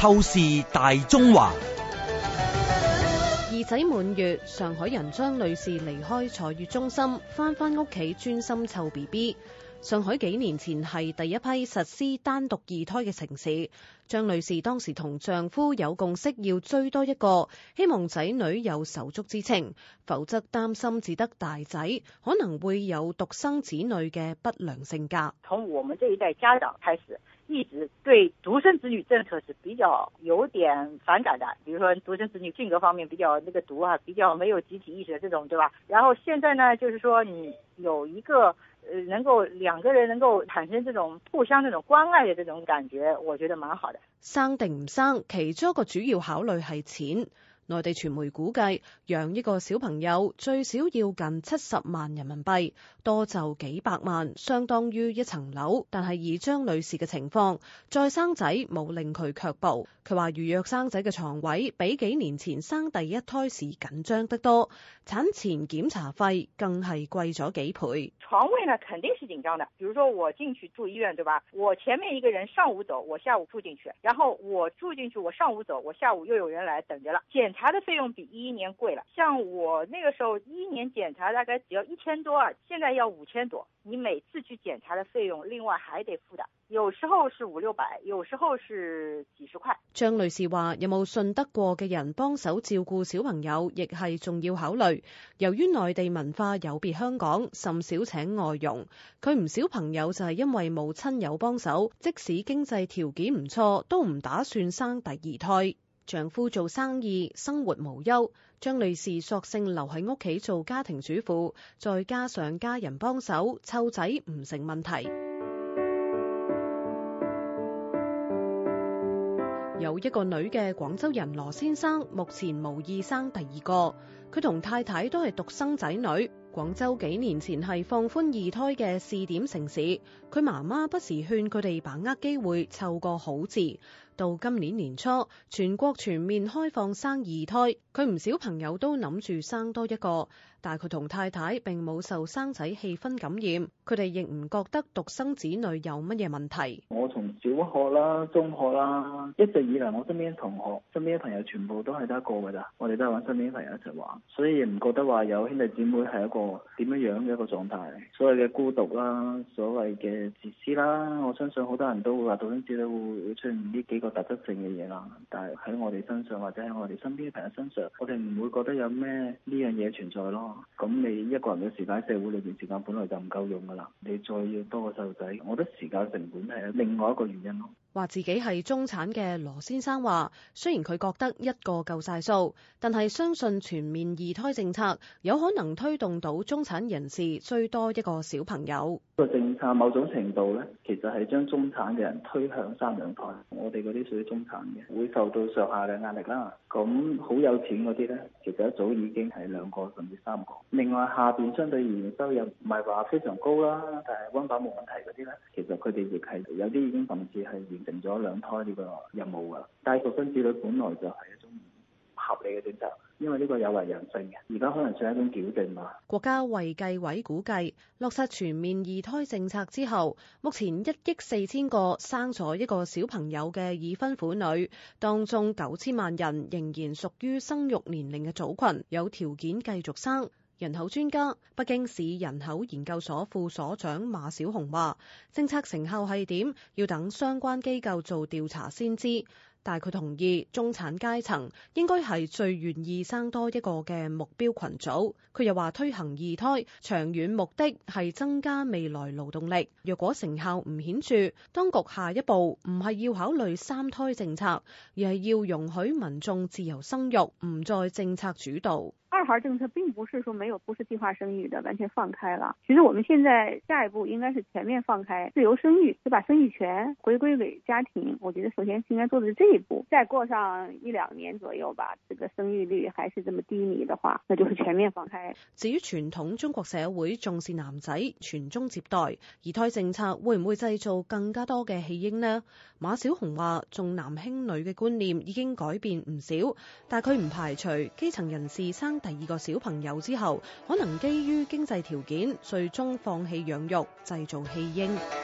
透視大中華，兒仔滿月，上海人張女士離開坐月中心，翻翻屋企，專心湊 B B。上海幾年前係第一批實施單獨二胎嘅城市，張女士當時同丈夫有共識，要追多一個，希望仔女有手足之情，否則擔心只得大仔，可能會有獨生子女嘅不良性格。從我們這一代家長開始。一直對獨生子女政策是比較有點反感的，比如說獨生子女性格方面比較那個獨啊，比較沒有集體意識的這種，對吧？然後現在呢，就是說你有一個呃，能夠兩個人能夠產生這種互相這種關愛的這種感覺，我覺得蠻好的。生定唔生，其中一個主要考慮係錢。內地傳媒估計，養一個小朋友最少要近七十萬人民幣，多就幾百萬，相當於一層樓。但係以張女士嘅情況，再生仔冇令佢卻步。佢話預約生仔嘅床位比幾年前生第一胎時緊張得多，產前檢查費更係貴咗幾倍。床位呢肯定是緊張的，比如說我進去住醫院，對吧？我前面一個人上午走，我下午住進去，然後我住進去，我上午走，我下午又有人來等着了。檢查的費用比一一年貴啦，像我那個時候一一年檢查大概只要一千多啊，現在要五千多。你每次去檢查的費用，另外還得付的，有時候是五六百，有時候是幾十塊。張女士話：有冇信得過嘅人幫手照顧小朋友，亦係重要考慮。由於內地文化有別香港，甚少請外傭。佢唔少朋友就係因為冇親友幫手，即使經濟條件唔錯，都唔打算生第二胎。丈夫做生意，生活無憂，張女士索性留喺屋企做家庭主婦，再加上家人幫手，湊仔唔成問題。 有一個女嘅廣州人羅先生，目前無意生第二個，佢同太太都係獨生仔女。廣州幾年前係放寬二胎嘅試點城市，佢媽媽不時勸佢哋把握機會湊個好字。到今年年初，全國全面開放生二胎，佢唔少朋友都諗住生多一個，但係佢同太太並冇受生仔氣氛感染，佢哋亦唔覺得獨生子女有乜嘢問題。我從小學啦、中學啦，一直以來我身邊同學、身邊朋友全部都係得一個噶咋，我哋都係搵身邊朋友一齊玩，所以唔覺得話有兄弟姊妹係一個點樣樣嘅一個狀態，所謂嘅孤獨啦，所謂嘅自私啦，我相信好多人都會話獨生子女會會出現呢幾個。特質性嘅嘢啦，但係喺我哋身上或者喺我哋身邊嘅朋友身上，我哋唔會覺得有咩呢樣嘢存在咯。咁你一個人嘅時間喺社會裏邊，時間本來就唔夠用噶啦，你再要多個細路仔，我覺得時間成本係另外一個原因咯。話自己係中產嘅羅先生話，雖然佢覺得一個夠晒數，但係相信全面二胎政策有可能推動到中產人士最多一個小朋友。個政策某種程度咧，其實係將中產嘅人推向三兩胎。我哋嗰啲屬於中產嘅，會受到上下嘅壓力啦。咁好有錢嗰啲咧，其實一早已經係兩個甚至三個。另外下邊相對而收入唔係話非常高啦，但係溫飽冇問題嗰啲咧，其實佢哋亦係有啲已經甚至係。定咗兩胎呢個任務啊！帶獨生子女本來就係一種合理嘅選擇，因為呢個有違人性嘅。而家可能算係一種矯正。國家衛計委估計，落實全面二胎政策之後，目前一億四千個生咗一個小朋友嘅已婚婦女，當中九千萬人仍然屬於生育年齡嘅組群，有條件繼續生。人口專家，北京市人口研究所副所長馬小紅話，政策成效係點？要等相關機構做調查先知。大概同意，中產階層應該係最願意生多一個嘅目標群組。佢又話推行二胎長遠目的係增加未來勞動力。若果成效唔顯著，當局下一步唔係要考慮三胎政策，而係要容許民眾自由生育，唔再政策主導。二孩政策並不是說沒有，不是計劃生育的完全放開了。其實我們現在下一步應該是全面放開自由生育，就把生育權回歸給家庭。我覺得首先應該做的是這一步。再過上一兩年左右吧，這個生育率還是這麼低迷的話，那就是全面放開。至於傳統中國社會重視男仔傳宗接代，二胎政策會唔會製造更加多嘅棄嬰呢？馬小紅話，重男輕女嘅觀念已經改變唔少，但佢唔排除基層人士生第二個小朋友之後，可能基於經濟條件，最終放棄養育，製造棄嬰。